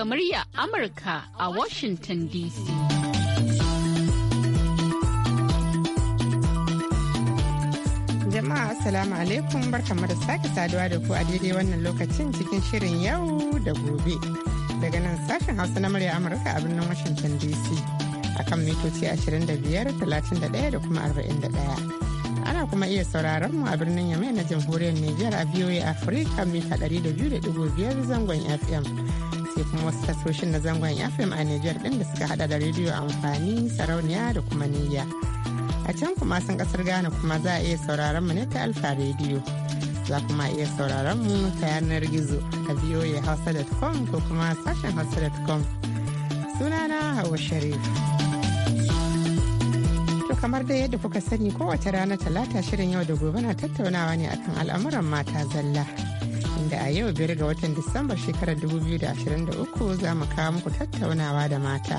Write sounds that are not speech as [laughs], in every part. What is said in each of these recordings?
daga murya Amurka a Washington DC. Jama'a Assalamu alaikum barkamu da sake saduwa da ku a daidai wannan lokacin cikin shirin yau da gobe. Daga nan sashen Hausa na murya Amurka a birnin Washington DC akan mitoci 25, 31 da kuma 41. ana kuma iya sauraron mu a birnin yamai na jamhuriyar Nijar a biyoyi Afirka mita 200.5 zangon FM sai kuma wasu tasoshin na zangon FM a Nijar ɗin da suka hada da rediyo amfani sarauniya da kuma niyya. A can kuma sun kasar Ghana kuma za a iya sauraron mu ne ta Alfa rediyo Za kuma iya sauraron mu ta yanar gizo a hausa.com ko kuma sashen hausa.com. Sunana Hawa Sharif. kamar da yadda kuka sani kowace rana talata shirin yau da gobe na tattaunawa ne akan al'amuran mata zalla Da a yau biyar ga watan Disamba shekarar 2023 za mu kawo muku tattaunawa da mata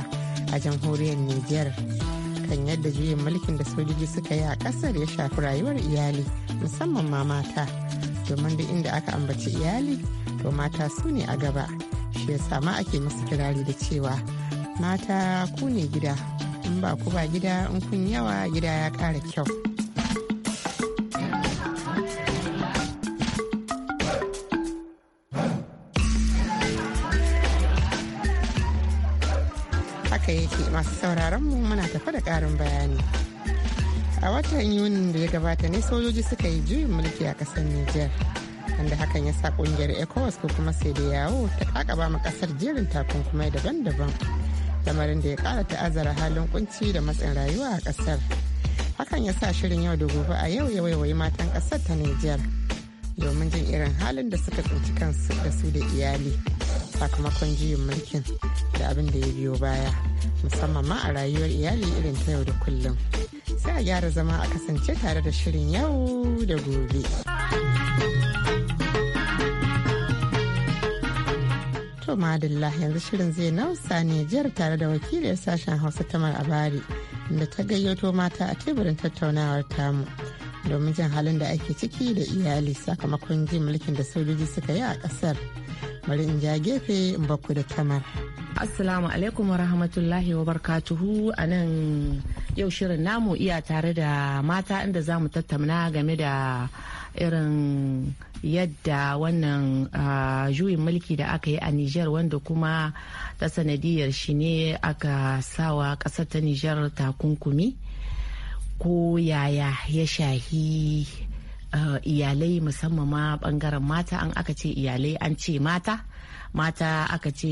a jamhuriyar Nijar kan yadda juyin mulkin da sojoji suka yi a ƙasar ya shafi rayuwar iyali musamman ma mata domin duk inda aka ambaci iyali to mata su ne a gaba shi ya sama ake musu kirari da cewa mata ku ne gida in ba ku ba gida in kun yawa gida ya ƙara kyau. masu sauraron mu muna tafa da ƙarin bayani a watan yunin da ya gabata ne sojoji suka yi juyin mulki a ƙasar niger wanda hakan ya sa ƙungiyar ecowas ko kuma sai da yawo ta kakaba ma ƙasar jerin takunkumai daban-daban lamarin da ya ƙara ta'azzara halin kunci da matsin rayuwa a ƙasar hakan ya sa shirin yau da gobe a yau ya waiwayi matan ƙasar ta niger domin jin irin halin da suka tsinci kansu da su da iyali sakamakon juyin mulkin da abin da ya biyo baya musamman ma a rayuwar iyali irin ta yau da kullum sai a gyara zama a kasance tare da shirin yau da gobe to madalla yanzu shirin zai nausa ne jiyar tare da wakilin sashen hausa tamar abari da ta gayyato mata a teburin tattaunawar tamu domin jin halin da ake ciki da iyali sakamakon jin mulkin da sojoji suka yi a kasar bari in ja gefe in bakku da tamar. Assalamu alaikum wa rahmatullahi wa barkatuhu a nan yau shirin namu iya tare da mata inda za mu tattauna game da irin yadda wannan juyin mulki da aka yi a Nijar wanda kuma ta sanadiyar shi ne aka sawa ƙasa ta Nijar takunkumi ko yaya ya shahi Eh, iyalai musamman ma bangaren mata an aka ce iyalai an ce mata mata aka ce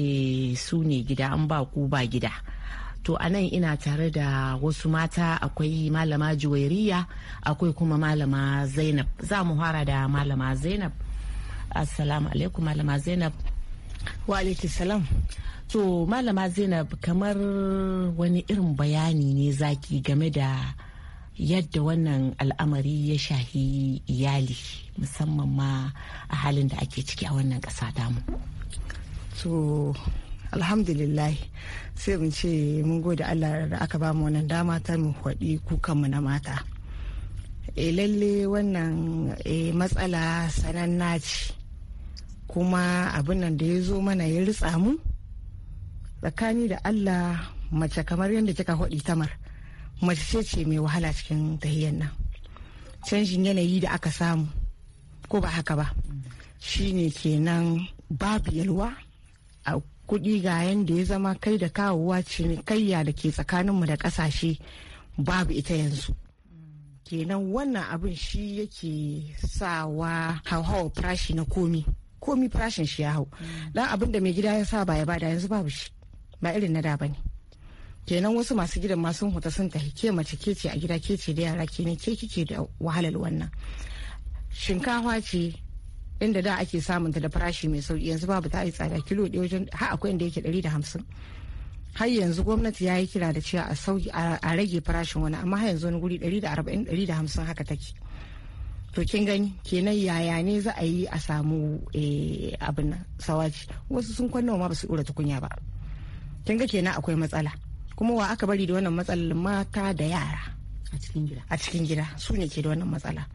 su ne gida an ba ku ba gida to a nan ina tare da wasu mata akwai malama juwairiya akwai kuma malama zainab za mu fara da malama zainab assalamu alaikum malama zainab wa salam to malama zainab kamar wani irin bayani ne zaki game da yadda wannan al'amari ya shahi iyali musamman ma a halin da ake ciki a wannan ƙasa damu. so alhamdulillah sai mun ce mun gode allah da aka ba mu wannan dama ta mu kukan mu na mata e lalle wannan e, matsala sananna ce kuma abin nan da ya zo mana ya ritsa mu tsakani da allah mace kamar yadda kika ta tamar mace ce mai wahala cikin tahiyar nan canjin yanayi da aka samu ko ba haka ba shine kenan babu yalwa a kudi ga yanda ya zama kai da kawowa cinikayya da ke tsakaninmu da kasashe babu ita yanzu kenan wannan abin shi yake sawa hauhawar farashi na komi komi farashin shi ya hau mm. dan abin da mai gida ya sa ba ya bada yanzu babu shi ba irin na da bane kenan wasu masu gidan ma sun huta sun tafi ke mace ke ce a gida ke ce da yara ke ne ke kike da wahalar wannan shinkafa ce inda da ake samun ta da farashi mai sauki yanzu babu ta yi tsada kilo ɗaya wajen har akwai inda yake ɗari da hamsin har yanzu gwamnati ya yi kira da cewa a sauki a rage farashin wani amma har yanzu wani guri ɗari da arba'in ɗari da hamsin haka take to kin gani kenan yaya ne za a yi a samu eh, abin nan sawaci wasu sun kwanna ma ba su ɗora tukunya ba kin ga kenan akwai matsala kuma wa aka bari da wannan matsalar mata da yara a cikin gida su ne ke da wannan matsala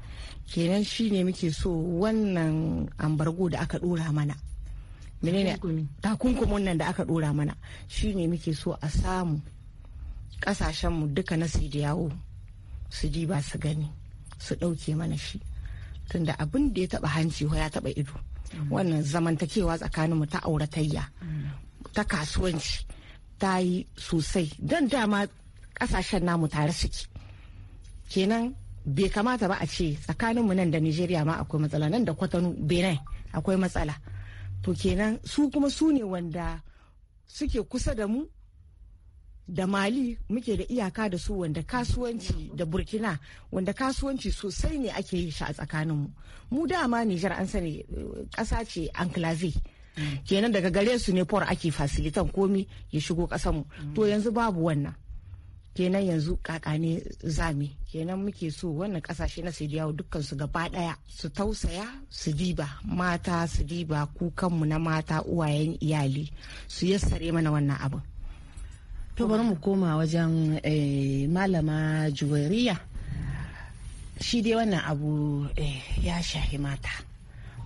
kenan shi ne muke so wannan ambargo da aka dora mana menene takunkumin nan da aka dora mana shi ne muke so a samu kasashenmu duka na su yawo su ji ba su gani su dauke mana shi tunda abin da ya taba hanci ya taba ido mm. wannan zamantakewa tsakaninmu ta auratayya mm. ta kasuwanci ta yi sosai don dama kasashen namu tare suke kenan bai kamata ba a ce tsakaninmu nan da nigeria ma akwai matsala nan da kwatano benin akwai matsala to kenan su kuma su ne wanda suke kusa da mu da mali muke da iyaka da su wanda kasuwanci da burkina wanda kasuwanci sosai ne ake yi shi a tsakaninmu mu dama nijar an sani kasa ce enclave kenan daga gare su ne for ake fasilitan komi ya shigo kasanmu to mm. yanzu babu wannan kenan yanzu kakane zami kenan muke so wannan kasashe na su yawo dukkan su gaba daya su tausaya su diba mata su diba kukanmu na mata uwayen iyali su yassare mana wannan abu. to bari mu koma wajen eh, malama juwariya shi dai wannan abu eh, ya shahi mata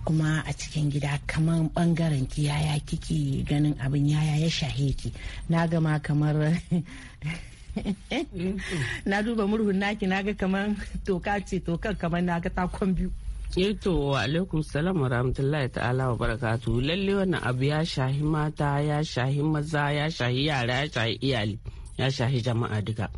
kuma a cikin gida kamar bangaren ki yaya kike ganin abin yaya ya shahe ki na gama kamar [laughs] na duba murhun naki naga kamar toka ce tokan kamar naga takon biyu eh to wa alaikum salam wa rahmatullahi ta'ala wa barakatu lalle wannan abu ya shahi mata ya shahi maza ya shahi yara ya shahi iyali ya shahi jama'a duka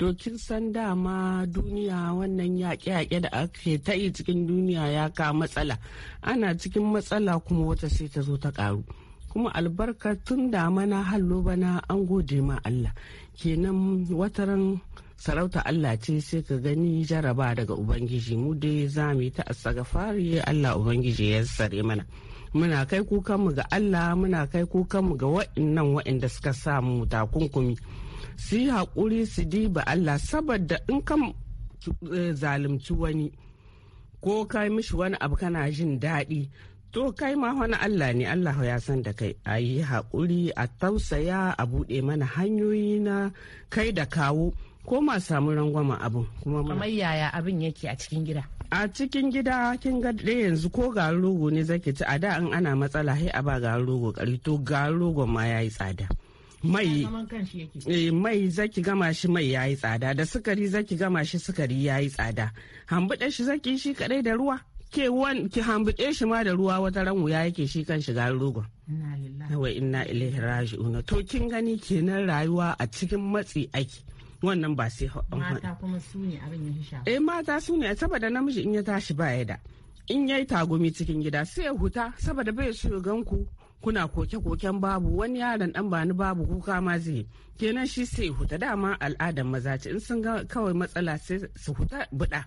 dokin san dama duniya wannan yaƙe-yaƙe da ake ta yi cikin duniya ya ka matsala ana cikin matsala kuma wata sai ta zo ta ƙaru kuma albarka tun damana hallo bana an gode ma Allah kenan wataran sarauta Allah ce sai ka gani jaraba daga Ubangiji mu dai za mu yi ta asagafari Allah Ubangiji ya sare mana muna kai kukanmu ga Allah muna kai kukanmu ga wa'in da suka samu takunkumi. su yi haƙuri su diba Allah saboda in kan eh, zalunci wani ko kai mishi wani abu kana jin daɗi to kai ma wani Allah ne Allah ya san da kai a yi haƙuri a tausaya a buɗe mana hanyoyi na kai da kawo ko ma samu rangwama abin kuma kamar yaya abin yake a cikin gida a cikin gida kin ga yanzu ko garin rogo ne zaki ci a da in ana matsala sai a ba garin rogo kari to garin rogon ma yayi tsada mai eh, mai zaki gama shi mai yayi tsada da sukari zaki gama shi sukari yayi tsada hambuɗe shi zaki shi kadai da ruwa ke wan ki hambuɗe shi ma da ruwa wata ran wuya yake shi kan shiga rogon wa inna ilaihi raji'un to kin gani kenan rayuwa a cikin matsi ake wannan ba sai mata kuma su ne abin ya hisha eh mata su ne saboda namiji in ya tashi ba ya da in yayi tagumi cikin gida sai ya huta saboda bai so ganku kuna koke-koken babu wani yaron dan bani babu kuka ma zai kenan shi sai huta dama al'adar maza ce in sun ga kawai matsala sai su huta buɗa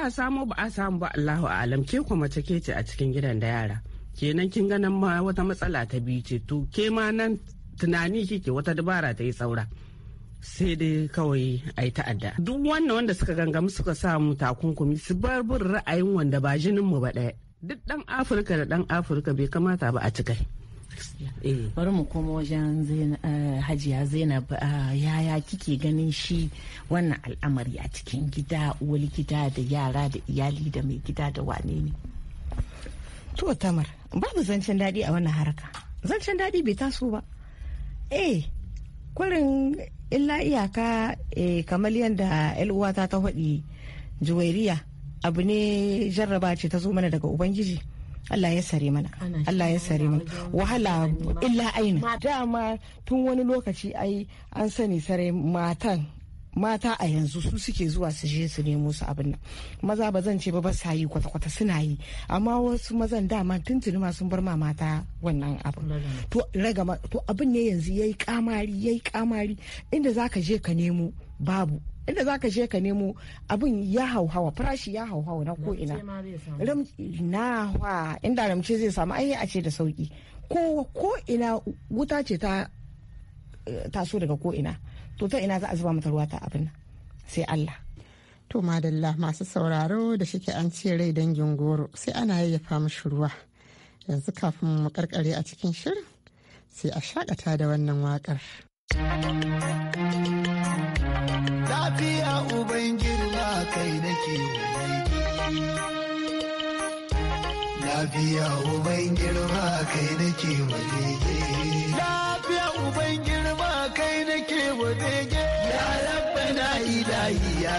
a samu ba a samu ba Allahu alam ke kuma mace ke ce a cikin gidan da yara kenan kin ga nan ma wata matsala ta biyu ce to ke ma nan tunani kike wata dabara ta yi saura sai dai kawai a yi ta'adda duk wannan wanda suka gangamu suka samu takunkumi su bar bin ra'ayin wanda ba jinin mu ba ɗaya duk dan afirka da dan afirka bai kamata ba a cikai eh. bari mu koma wajen eh, hajiya zainab eh, yaya kike ganin shi wannan al'amari a cikin gida wani gida da yara da iyali da mai gida da wane ne to tamar babu zancen daɗi a wannan haraka zancen daɗi bai taso ba eh kwarin illa iyaka kamar yadda 'yan uwata ta faɗi juwairiya abu ne jarraba ce ta zo mana daga ubangiji Allah ya sare mana Allah ya sare mana wahala illa aina dama tun wani lokaci ai an sani sare matan mata a yanzu su suke zuwa su je su nemo su abin nan maza ba zan ce ba ba sa yi kwata-kwata suna yi amma wasu mazan dama tuntuni ma sun bar ma mata wannan abu to abin ne yanzu yayi kamari yayi kamari inda zaka je ka nemo babu inda za ka je ka nemo abin ya hauhawa farashi ya hauhawa na ko'ina na wa inda ramce zai samu ai a ce da sauki ko ko'ina wuta ce ta eh, taso daga ko'ina to ta ina za a zuba mata ruwa ta abin sai Allah to madalla masu sauraro da shike an ce rai dangin goro sai ana yayyafa mishi ruwa yanzu kafin mu karkare a cikin shirin sai a shakata da wannan wakar. Lafiya uban girma kai nake Lafiya uban girma kai nake Lafiya uban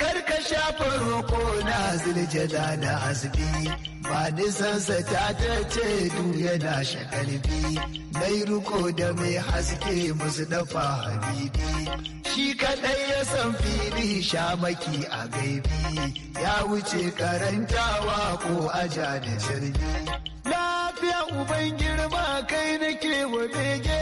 karka shafa roƙo na ziljada da azubi ba nisansa ta ta ce du yana shakalbi mai ruko da mai haske musu dafa habibi shi kaɗai ya san fili shamaki a gaibi ya wuce karantawa ko aja da jirgi lafiya uban girma kai nake wa bege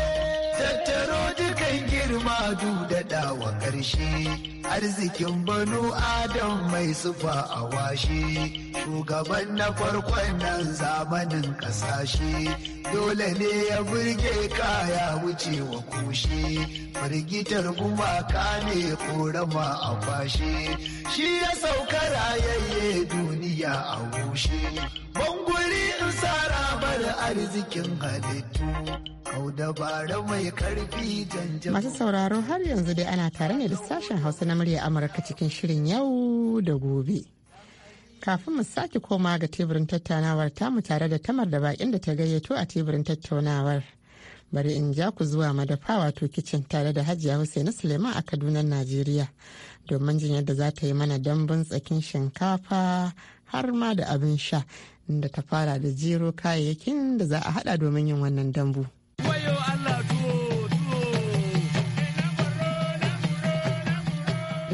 girma dudada wa ƙarshe arzikin banu adam mai sufa a washe shugaban na farkon nan zamanin ƙasashe dole ne ya burge kaya wuce wa kushe firgitar gumaka ne korama a fashe shi ya sauka rayayye duniya a gushe sara bar arzikin halittu dabara mai Masu sauraro har yanzu dai ana tare ne da sashen Hausa na murya Amurka cikin shirin yau da gobe. Kafin mu sake koma ga teburin tattaunawar tamu tare da tamar da bakin da ta gayyato a teburin tattaunawar. Bari in ja ku zuwa madafa wato kicin tare da Hajiya Hussaini Suleiman a Kaduna, Najeriya domin jin yadda za ta yi mana dambun tsakin shinkafa har ma da abin sha da ta fara da jero kayayyakin da za a hada domin yin wannan dambu.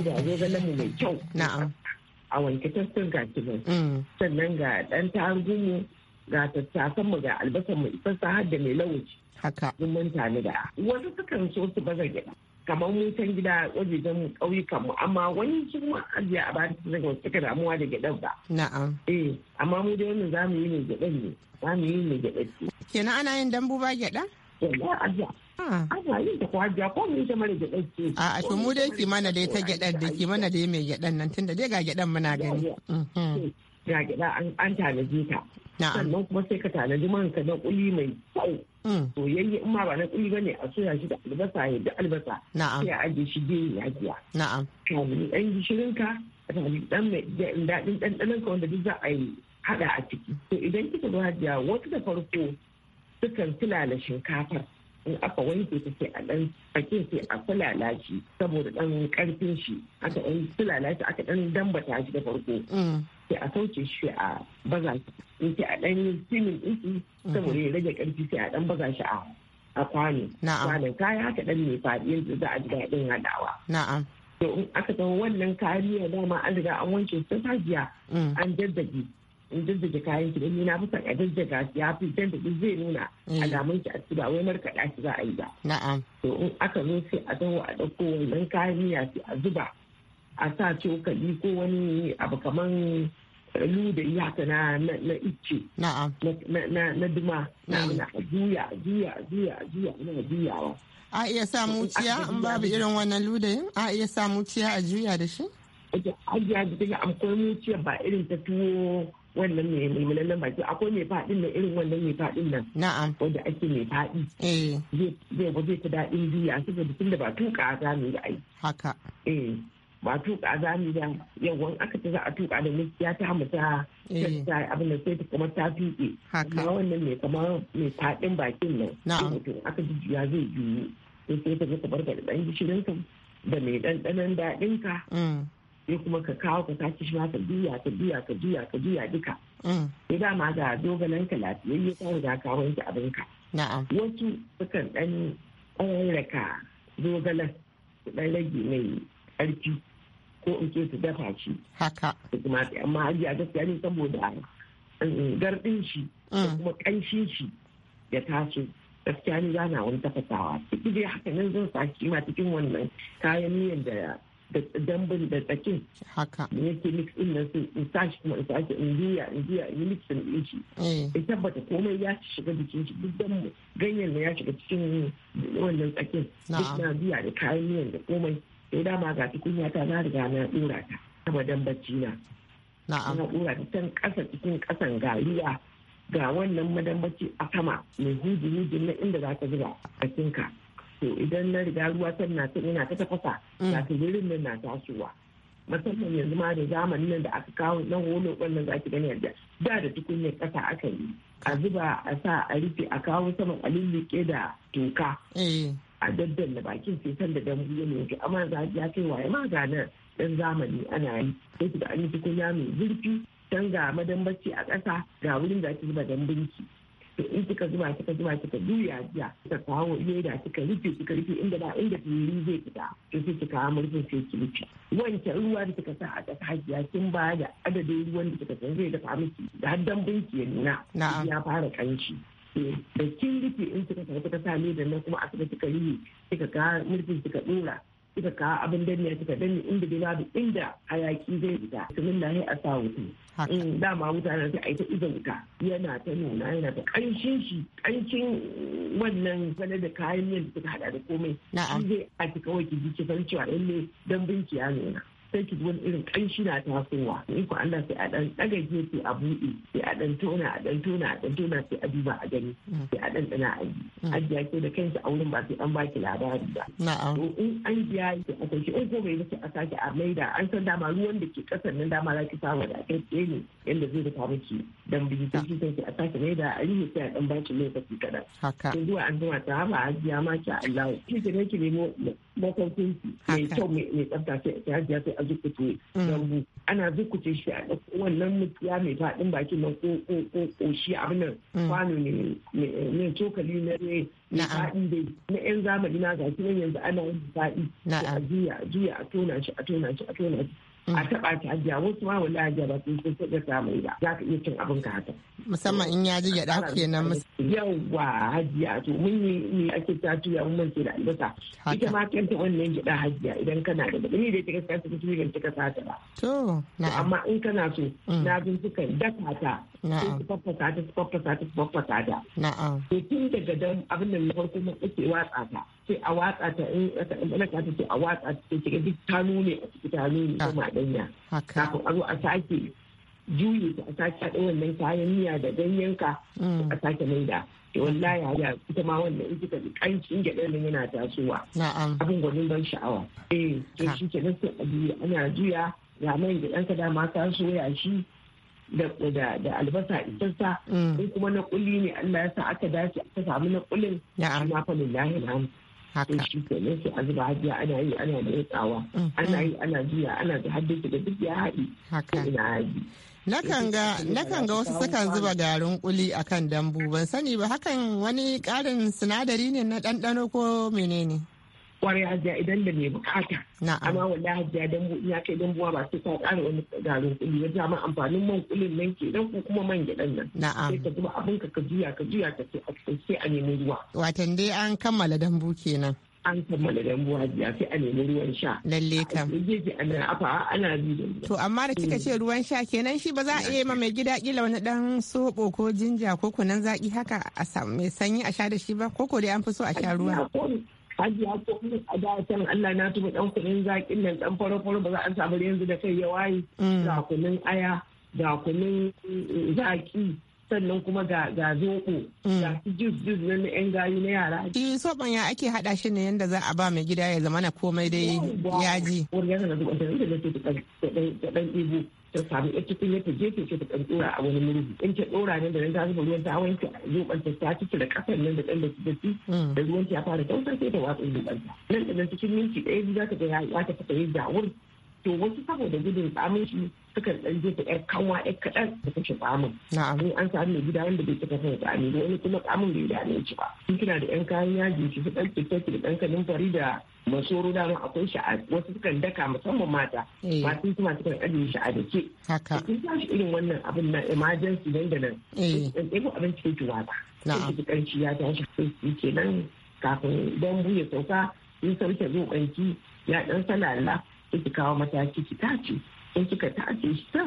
Ga mu mai kyau. Na'am. A wanke tastin ga mm. Sannan ga ɗan mu, ga tattasanmu ga mu, ifasa har da mai lawaci. Haka. Mun tani da. Wasu sukan so su baza gyaɗa. kamar mu gida wajejen mu ƙauyukan mu amma wani kuma ajiya a bayan su daga suka damuwa da gyaɗan ba. Na'am. Eh amma mu da wannan zamu yi mai gyaɗan ne zamu yi mai gyaɗan ce. Kenan ana yin dambu ba gyaɗa? Gyaɗa ajiya. Ana ah. yin ta ko mu yi ta mara gyaɗan ce. A'a to mu dai ki mana dai ta gyaɗar da ki mana dai mai gyaɗan nan tunda dai ga gyaɗan muna gani. ya gida an tanaji ta sannan kuma sai ka tanaji man ka na kuli mai kyau mm. soyayye in ma ba na kuli ba ne a soya shi da albasa ya da albasa sai a ajiye shi ya giya na'am dan gishirin ka tanaji dan mai daɗin ɗanɗanon ka wanda duk za a yi haɗa a ciki to idan kika zo hajiya wata da farko sukan filala shinkafar in aka wanke ta sai a dan fake sai a kulala shi saboda dan karfin shi aka dan kulala shi aka dan dambata shi da farko mm. sai a sauke shi a baza shi sai a dan simin steaming saboda ya rage karfi sai a ɗan baza shi a kwano kwanon kaya ta dan mai faɗi yanzu za a ji haɗawa na'am to in aka tawo wannan kariya dama an riga an wanke ta sajiya mm. an jaddage in kayan ki dan na fusa a jajjaga shi ya fi zai nuna mm. alamun ki a ci ba wai markaɗa shi za a yi ba. Na'am. To in aka zo sai a dawo a ɗauko wannan kayan miya sai a zuba a sa cokali ko wani abu kaman luda iyaka na na ice na duma mm. na juya juya juya juya na juyawa a iya sa muciya in babu irin wannan ludayin a iya sa muciya a juya da shi a ajiya da take akwai muciya ba irin ta tuwo wannan mai mulmulan nan baki akwai mai fadin nan irin wannan mai fadin nan na'am wanda ake mai fadi eh. zai zai ta dadin juya saboda tunda ba tuka ta mai da ai haka eh ba tuka za mu ba yawan aka ta za a tuka da gaskiya ta mu ta ta eh. abin da sai ta kuma ta tuke amma wannan mai kuma mai fadin bakin nan mutum aka jujjuya zai juyi sai sai ta ga barka da dan gishirin ka da mai ɗanɗanon daɗin ka mm. sai kuma ka kawo ka tashi shi ma ka juya ka juya ka juya ka juya duka mm. sai dama ga doganan ka lafiyayye ka riga ka wanke abin ka wasu sukan ɗan ƙwararraka dogalan su ɗan rage mai ƙarfi ko in ce su dafa shi haka Su kuma amma hajiya gaskiya ne saboda eh, gardin shi da mm. kuma shi ya taso gaskiya ni na wani tafasawa duk dai haka nan zan sa shi ma cikin wannan kayan miyan da dambin da tsakin haka da yake mix din nan su in sa shi kuma in sa shi in biya in biya in mix din shi eh. in tabbata komai ya shiga jikin shi duk dan ganyen ya shiga cikin wannan tsakin duk na biya da kayan miyan da komai sai dama ga tukunya ta na riga na dora ta sama dan bacci na na dora ta can kasa cikin kasan gariya ga wannan madambaci a sama mai huji huji na inda za ka zuba a cikin ka to idan na riga ruwa na ta ina ta tafasa ta mm. ta wurin nan na tasowa musamman yanzu ma da zamanin nan da aka kawo na holo wannan zaki gani yadda da da tukunyar kasa aka yi a zuba a sa a rufe a kawo saman a lulluke da toka eh. a daddanna bakin sai da dan ya nufi amma za ya kai waye ma ganar dan zamani ana yi sai su an yi tukunya mai zurfi can ga madambaci a ƙasa ga wurin da ake zuba dambinki to in kika zuba kika zuba kika juya jiya kika kawo leda kika rufe kika rufe inda ba inda tururi zai fita to sai kika kawo murfin sai ki rufe wanke ruwa da kika sa a ƙasa hajiya kin ba da adadin ruwan da kika san zai dafa miki da har dambinki ya nuna ya fara ƙanci. da kin rufe in suka tafi ta sami da nan kuma asibiti suka yi kika ga mulkin kika dora kika ga abin danniya kika danne inda da babu inda hayaki zai fita tumin na a sa wuta in dama wuta na ta aita iza wuta yana ta nuna yana ta kanshin shi ƙanshin wannan sanar da kayan miyan da suka hada da komai shi zai a cika wai ki ji in ne cewa lalle dan ya nuna sai ki wani irin kanshi na tasowa in ku Allah sai a ɗan ɗaga gefe a buɗe sai a ɗan tona a ɗan tona a dan tona sai a duba a gani sai a ɗan ɗana a yi mm. ajiya ke da kanki a wurin ba sai an baki labari ba. to in an biya ki a kai in ko bai sai a sake a maida an san dama ruwan da ke ƙasar nan dama za ki samu da kai tsaye ne yanda zai rufa miki dan biyu sai ki sai a sake maida a yi sai a ɗan baki lokaci kaɗan. haka. zuwa an zama ta hama ajiya ma ki Allah ki ki nemo masaukin mai kyau mai tsafta sai ta sai a zukuce mm. dambu ana zukuce shi a ɗauko wannan mutuwa mai faɗin bakin nan ko ko shi a wannan mm. kwano ne mai cokali na ne na faɗi dai na yan zamani na gashi nan yanzu ana yin faɗi a juya a juya a tona shi a tona shi a tona shi a taɓa ta ajiya wasu ma wani ajiya ba sun sun da samu ba za ka iya cin abin ka haka. musamman in ya ji gyaɗa yau yawwa hajiya to mun yi ni ake ta tuya mun mance da albasa ita ma ta wannan gyaɗa hajiya idan kana da ni da ita sa ta kuma idan ta sa ta ba. to na amma in kana so na bin suka da ta. ta su faffasa ta su faffasa ta su faffasa ta. na'am. to tun daga dan abin da na farko mun ake watsa ta sai a watsa ta in aka ɗan ta sai a watsa ta sai duk ta nune a wanke hannu ne danya ah, kafin a zo a sake juyi a sake haɗa wannan kayan miya da ka mm. a sake maida wallahi hada ita ma wannan in kika kancin gyaɗa nan yana tasowa abin gwanin ban sha'awa eh to shi ke nan sai ana juya ya mai gyaɗar ka dama ta soya shi da albasa isassa mm. in kuma na kulli ne Allah ya sa aka dace aka samu na kullin amma fa lillahi sai shi kenan sai a zuba hajiya ana yi ana da motsawa mm-hmm. ana yi ana jiya ana da haddasa da duk ya haɗi ina haɗi Nakan ga wasu sukan zuba garin kuli akan dambu ban sani ba hakan wani ƙarin sinadari ne na ɗanɗano ko menene? kwarai hajiya idan da mai bukata amma wallahi hajiya dambu ya kai dambuwa ba sai ta kara wani garin kuli ya jama amfanin man kulin nan ke dan ku kuma man gidan nan sai ka zuba abin ka ka juya ka juya ka ce a sai a nemi ruwa watan dai an kammala dambu kenan an kammala buwa hajiya sai a nemi ruwan sha. Lalle kam. Gefe ana afa ana bi To amma da kika ce mm. ruwan sha kenan shi ba za a iya ma mai gida kila wani dan soɓo ko jinja ko kunan zaki haka a mai sanyi a sha da shi ba ko ko dai an fi so a sha ruwa. hajiya ko in a da san Allah na tuba dan kuɗin zakin nan dan faro faro ba za a samu yanzu da kai ya waye mm. ga kunin aya ga kunin eh, zaki sannan kuma ga ga zoko mm. ga jus jus na yan gayu na yara eh soban ya ake hada shi ne yanda za a ba mai gida ya zama na komai dai yaji wurin yana da da da ta samu ita tukunya ta gefe ce ta kan dora a wani murhu in ta dora ne da nan ta zuba ruwan ta wanke zuban ta ta cike da kasan nan da dan da su mm. da ruwan ta fara tausa sai ta watsa zuban ta nan da nan cikin minti ɗaya za ta ga ya ta fita yin jawur to wasu saboda gudun tsamin shi sukan dan ta yar kanwa yar kaɗan da kashe tsamin in an samu mai gida wanda bai cika son tsamin wani kuma tsamin bai ne ci ba in kina da ƴan kayan yaji ki fi dan ki da ɗan kanin fari da masoro dama akwai shi wasu sukan daka musamman mata masu eh. kuma sukan ajiye shi a dake haka kin sa shi irin wannan abin na emergency nan da nan eh. in ɗebo abinci ke ki wata ki ci ya tashi sai kenan kafin dambu ya sauka in sarki zo kanki ya dan salala sai ki kawo mataki ki tace in kika tace shi ta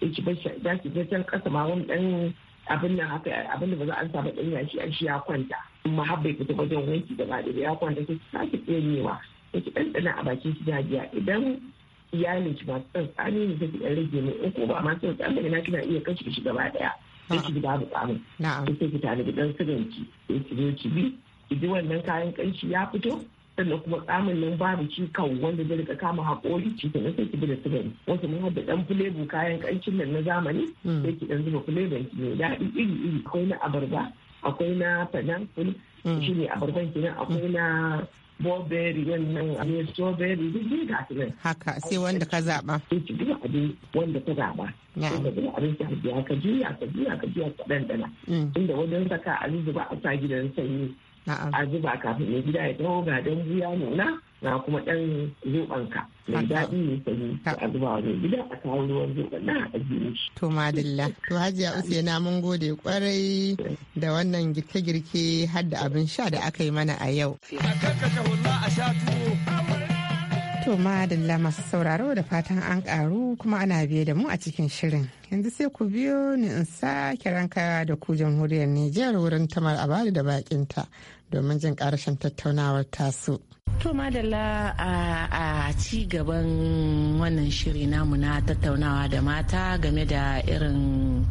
sai ki bashi da can kasa ma wani dan abin nan haka abin da ba za a samu dan yashi a shi ya kwanta amma har bai fita wajen wanki da ba da ya kwanta sai ki sake tsenewa sai ki ɗanɗana a bakin shi jajiya idan iyalin ki masu san tsani ne sai ki ɗan rage ne in ko ba ma san tsani ne na kina iya kashe shi gaba ɗaya sai ki tsani na'am sai ki da dan sigan ki sai ki ki bi idan wannan kayan ƙanshi ya fito sannan kuma kamun nan babu kan wanda zai rika kama haƙori cikin na sai ki bi da sigari wasu mun haɗa ɗan fulebu kayan ƙancin nan na zamani hmm. sai ki ɗan zuba fulebun ki ne daɗi iri iri akwai na abarba akwai na pineapple hmm. shi ne abarban ki ne. akwai hmm. na strawberry wannan ne strawberry duk dai ga su nan haka sai wanda ka zaɓa. sai ki duk abin wanda ka zaɓa. inda duk abin ka biya ka juya ka juya ka juya ka ɗanɗana. inda wajen saka a zuba a sa gidan sanyi a zuba kafin ya gida ya dawo ga don buya nuna na kuma dan zobanka mai daɗi ne sanyi a zuba wa mai gida a kawo ruwan zoban na a jini shi. To madalla to hajiya na mun gode kwarai da wannan girke-girke har abin sha da aka yi mana a yau. To madalla masu sauraro da fatan an karu kuma ana biye da mu a cikin shirin. Yanzu sai ku biyo ni in sake ranka da ku jamhuriyar Nijar wurin tamar abali da bakinta domin jin karshen tattaunawar tasu. To madalla a ci gaban wannan shiri namu na tattaunawa da mata game da irin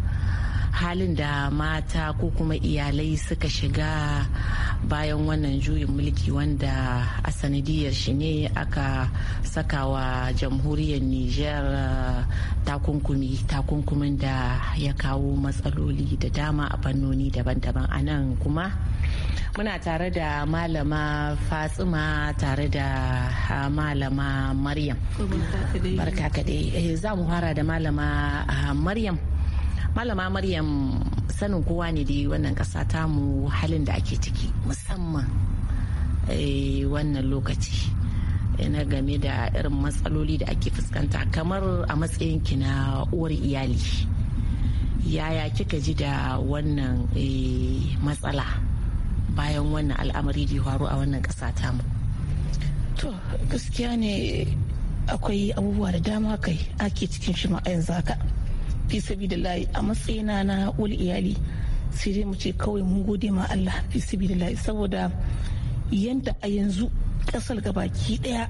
halin da mata ko kuma iyalai suka shiga bayan wannan juyin mulki wanda a sanadiyar shi ne aka saka wa jamhuriyar niger uh, takunkumi takunkumin da ya kawo matsaloli da dama a fannoni daban-daban a nan kuma muna tare da malama fatsima tare da uh, malama maryam barka kadai eh, za mu fara da malama uh, maryam malama maryam sanin kowa ne dai wannan kasa tamu halin da ake ciki musamman eh, wannan lokaci eh, na game da irin matsaloli da ake fuskanta kamar a matsayin ki na uwar iyali yaya kika ji da wannan eh, matsala bayan wannan al'amari da faru a wannan ƙasa tamu to gaskiya ne akwai abubuwa da dama kai ake cikin shi ma'ayin yanzu fi layi a matsayina na wani iyali sai dai mu ce kawai mun gode ma Allah fi layi saboda yanda a yanzu kasar gabaki daya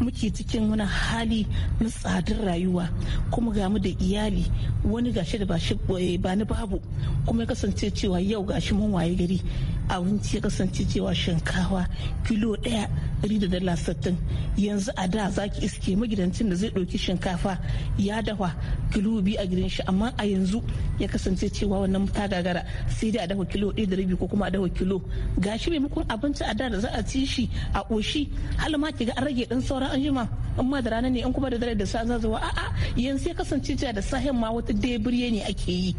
muke cikin wani hali na tsadar rayuwa kuma ga mu da iyali wani gashi da ba eh, ni babu kuma ya kasance cewa yau gashi mun waye gari abinci ya kasance cewa shinkawa kilo ɗaya ɗari da dala sittin yanzu a da za ki iske magidancin da zai ɗauki shinkafa ya dafa kilo biyu a gidan shi amma a yanzu ya kasance cewa wannan ta gagara sai dai a dafa kilo ɗaya da rabi ko kuma a dafa kilo gashi maimakon abinci a da da za a ci shi a ƙoshi hal ma ki ga an rage ɗan sauran an ma in ma da rana ne in kuma da dare da sa za zuwa a'a yanzu ya kasance cewa da sahin ma wata deburye ne ake yi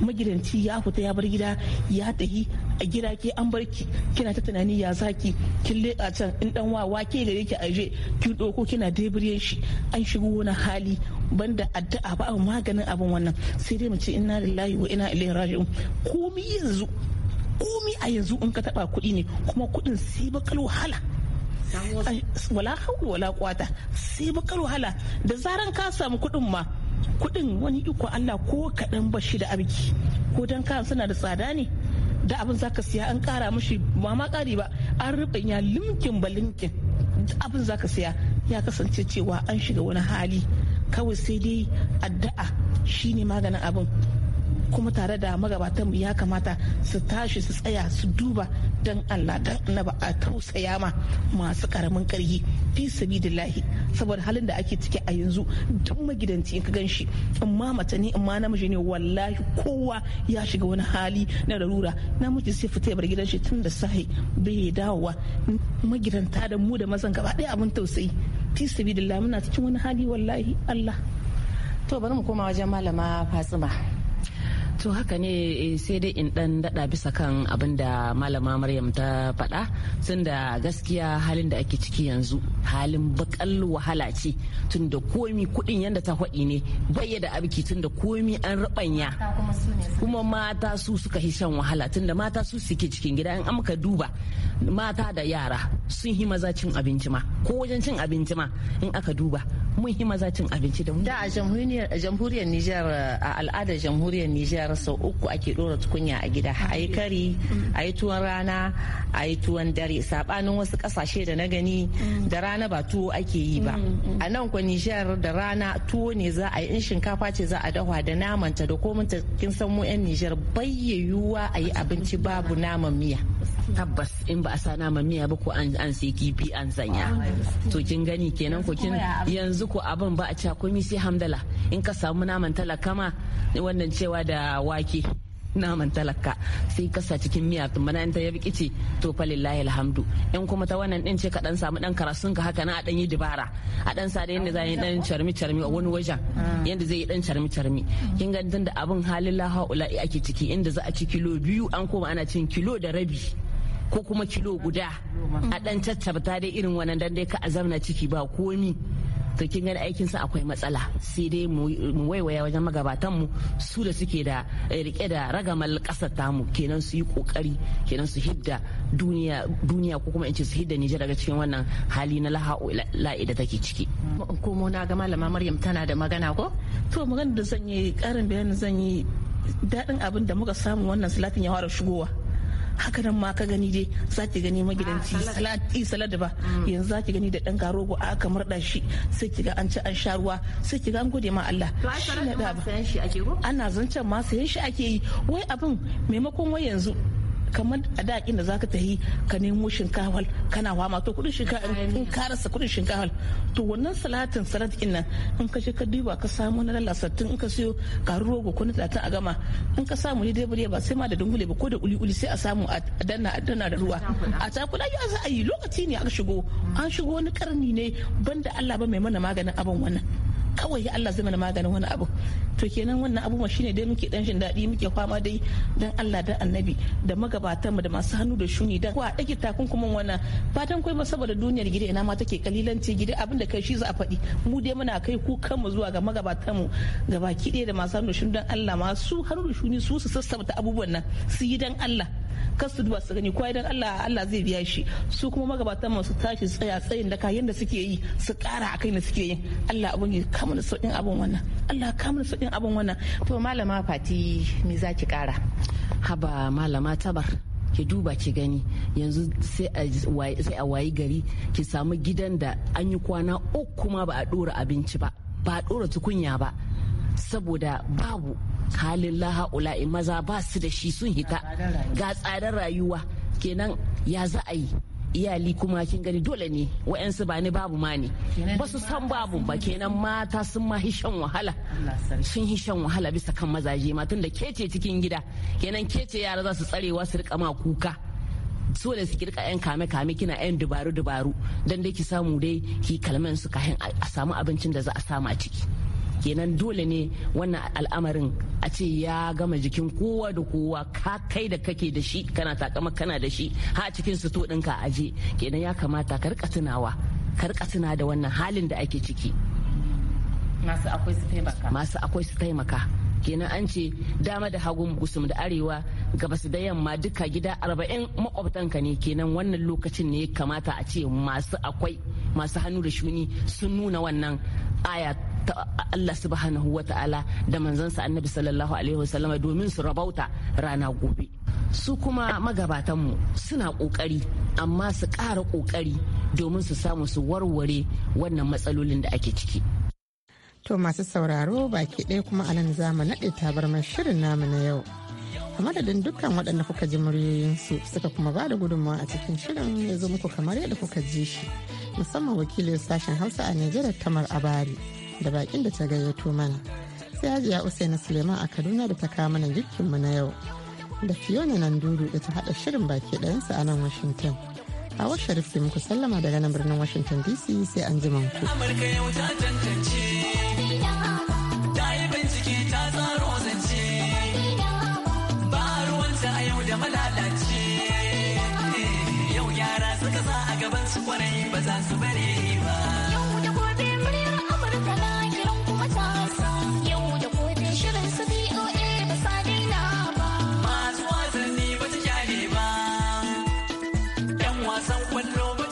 magidanci ya fita ya bar gida ya tahi a gida ke an barki kina ta tunani ya zaki kin leƙa can in dan wa wake gare ki aje kin doko kina debure shi an shigo wani hali banda addu'a ba maganin abin wannan sai dai mu ce inna lillahi wa inna ilaihi raji'un komi yanzu komi a yanzu in ka taba kuɗi ne kuma kuɗin sai bakal wahala wala haulu wala kwata sai bakal wahala da zaran ka samu kuɗin ma kuɗin wani iko Allah ko kaɗan ba shi da abiki ko dan kan suna da tsada ne da abin zaka siya an kara mashi ba ma kari ba an rubanya limkin balinkin abin zaka siya ya kasance cewa an shiga wani hali kawai sai dai addu'a shine maganin abin kuma tare da magabatanmu ya kamata su tashi su tsaya su duba don allah da ba a tausaya ma masu karamin karyi fi sabidillahi saboda halin da ake ciki a yanzu duk magidanci in ka gan shi in mace ne in namiji ne wallahi kowa ya shiga wani hali na larura namiji sai fita ya bar gidan shi tun da sahi bai dawowa magidanta da mu da mazan gaba ɗaya abin tausayi fi sabilillah muna cikin wani hali wallahi Allah to bari mu koma wajen malama Fatsima to haka ne eh, sai dai in dan dada bisa kan abin da malama maryam ta faɗa tun da gaskiya halin da ake ciki yanzu halin bakal wahala ce tun da komi kuɗin yadda ta haɗi ne bayyada da abiki tun da komi an rabanya kuma mata su suka yi shan wahala tun da mata su suke cikin gida in amka duba mata da yara sun yi maza cin abinci ma ko wajen cin abinci ma in aka duba mun yi cin abinci da da a jamhuriyar Nijar a al'adar jamhuriyar Nijar sau uku ake dora tukunya a gida a yi kari a yi tuwon rana a yi tuwon dare sabanin wasu kasashe da na gani da rana ba tuwo ake yi ba a nan kwa Nijar da rana tuwo ne za a yi in shinkafa ce za a dahwa da namanta da komanta kin san mu yan Nijar bayyayuwa a yi abinci babu naman miya tabbas in ba a sa nama miya ba ko an sai kifi an sanya to kin gani kenan ko kin yanzu ko abin ba a ci komai sai hamdala in ka samu naman talakama wannan cewa da wake naman talaka sai kasa cikin miya tumbana in ta ya bikice to fa lillahi alhamdu in kuma ta wannan din ce ka dan samu dan karasun ka haka na a dan yi dibara a dan sa da yanda zai dan charmi charmi a wani wajen ah. yanda zai yi dan charmi charmi kin ga tunda abin halin lahaula'i ake ciki inda za a ci kilo biyu an koma ana cin kilo da rabi ko kuma kilo guda a dan caccabta dai irin wannan dan dai ka azamna ciki ba komi to kin gani aikin sa akwai matsala sai dai mu waiwaya wajen magabatan mu su da suke da eh, rike da ragamal kasar tamu kenan su yi kokari kenan su hidda duniya duniya ko kuma in ce su hidda Nijar daga cikin wannan hali na la'i da take ciki ko mu na ga malama Maryam tana da magana ko to magana da zan yi karin bayani zan yi dadin abin da muka samu wannan salatin ya fara shigowa haka nan ma ka gani dai za ki gani magidanci ah, salat ba mm. yanzu za ki gani da dan garogo a aka murda shi sai ki ga an ci an sha ruwa sai ki ga an gode ma Allah shi na da ana zancen ma sayan shi ake yi wai abin maimakon wai yanzu kamar a da inda za ka tafi ka nemo shinkawal kana ma to kudin shinkawal in ka rasa kudin shinkawal to wannan salatin salat din nan in ka je ka diba ka samu na lalasattun in ka siyo karu rogo ko na talatin a gama in ka samu ne dai ba sai ma da dungule ba ko da uli uli sai a samu a danna a danna da ruwa a kula ya za a yi lokaci ne aka shigo an shigo wani karni ne banda Allah ba mai mana maganin abin wannan kawai Allah zai mana maganin wani abu to kenan wannan abu ma shine dai muke dan jin dadi muke kwama dai dan Allah da annabi da magabatan mu da masu hannu da shuni da wa dake takunkumin wannan fatan kai saboda duniyar gida ina ma take kalilanci gida abin da kai shi za a faɗi mu dai muna kai kukan mu zuwa ga magabatan mu ga baki ɗaya da masu hannu da shuni dan Allah masu hannu da shuni su su sassabta abubuwan nan su yi dan Allah kar su duba su gani kwa idan Allah Allah zai biya shi su kuma magabatan masu tashi tsaya tsayin da kayan da suke yi su kara akai da suke yi Allah abun ya kama da sauƙin abun wannan Allah kama da sauƙin abun wannan to malama fati me zaki ki kara haba malama tabar ki duba ki gani yanzu sai a wayi gari ki samu gidan da an yi kwana uku ma ba a dora abinci ba ba a dora tukunya ba saboda babu halin laha maza ba su da shi sun hita ga tsadar rayuwa kenan ya za a yi iyali kuma kin gani dole ne wa'yansu ba ni babu ma ne ba su san babu ba kenan mata sun ma hishan wahala sun hishan wahala bisa kan mazaje matan da kece cikin gida kenan kece yara za su tsarewa su rika ma kuka so da su kirka yan kame kame kina yan dubaru dubaru don dai ki samu dai ki kalman su kahin a samu abincin da za a samu a ciki kenan dole ne wannan al'amarin a ce ya gama jikin kowa da kowa ka kai da kake da shi kana takama kana da shi ha cikin su ɗinka aje kenan ya kamata ka rika tunawa ka rika tuna da wannan halin da ake ciki masu akwai su taimaka masu akwai su taimaka kenan an ce dama da hagu gusum da arewa gabas da yamma duka gida arba'in makwabtanka ne kenan wannan lokacin ne kamata a ce masu akwai masu hannu da shuni sun nuna wannan aya ta Allah subhanahu wa ta'ala da manzansa annabi sallallahu alaihi wasallam domin su rabauta rana gobe su kuma magabatanmu suna kokari amma su ƙara kokari domin su samu su warware wannan matsalolin da ake ciki to masu sauraro baki ɗaya kuma anan zama naɗe tabarmar shirin namu na yau a madadin dukkan waɗanda kuka ji muryoyinsu suka kuma ba da gudunmawa a cikin shirin ya zo muku kamar yadda kuka ji shi musamman wakilin sashen hausa a nigeria tamar abari da bakin da ta gayyato mana sai hajiya usaina suleiman a kaduna da ta kawo mana girkinmu na yau da fiona nan dudu da ta haɗa shirin baki dayansa a nan washington a washe rufe muku sallama daga nan birnin washington dc sai an ji ku.